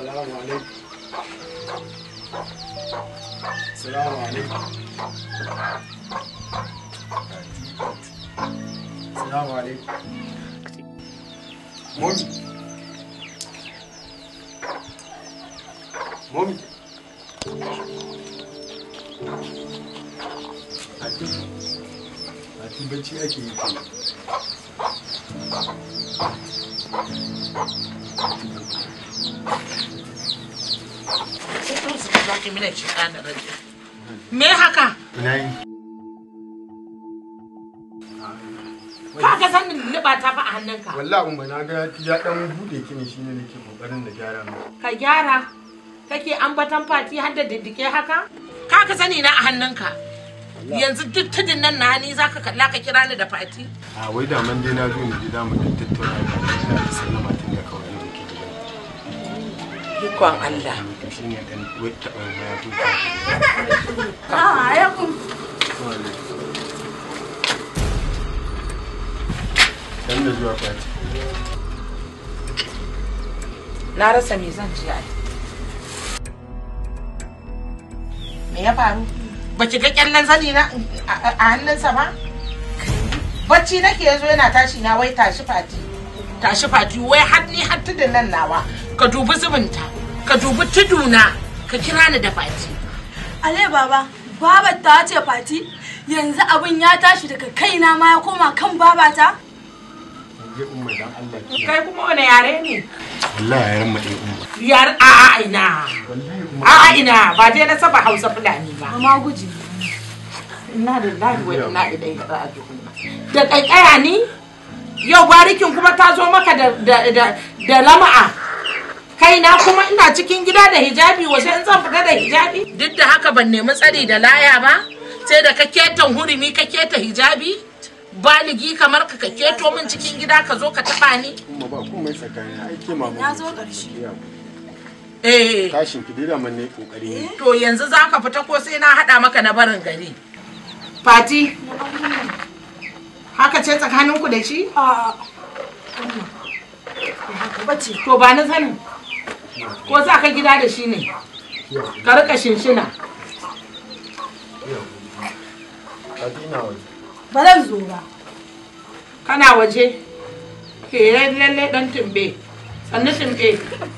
Assalamu alaikum. Assalamu alaikum. Assalamu alaikum. Mami. Mami. ake yi. zaki mina shaitan rajim me haka ka ga san liba ta fa a hannunka wallahi umma na ga ya dan bude ki ne shine nake kokarin da gyara ka gyara kake ambatan fati har da diddike haka ka ka sani na a hannunka yanzu duk tudun nan na ni zaka kalla ka kira ni da fati a wai da man dai na zo ni gida mu tattauna da sallama tun da kawai Ikon Allah. Na rasa me zan ci ai. Me ya faru? Ba ki ga kyallen zani na a hannunsa ba? Bacci nake yazo yana tashi na wai tashi fati. Tashi fati wai har ni har tudun nan nawa. Ka dubi zubinta. ka dubi tuduna ka kira ni da fati ale baba baba ta ce fati yanzu abin ya tashi daga kaina ma ya koma kan babata kai kuma wani yare ne wallahi yaren mu ɗaya umma yar a ina a'a ina ba je na saba hausa fulani ba amma guji ina da lafi wa ina idai ra'ajuhu da kankaya ni yau barikin kuma ta zo maka da da da lama'a kaina kuma ina cikin gida da hijabi waje in zan fita da hijabi duk da haka ban nemi tsari da laya ba sai da ka ketan hurumi ka keta hijabi baligi kamar ka keto min cikin gida ka zo ka taba ni ba tsakani ai ke zo karshe eh kashin ki dira man ne kokari to yanzu zaka fita ko sai na hada maka na barin gari fati haka ce tsakaninku da shi a'a to ba na sanin ko za ka gida da shi ne ka rika shinshina ba zan zo ba kana waje ke eh, lalle dan tumbe sannu tumbe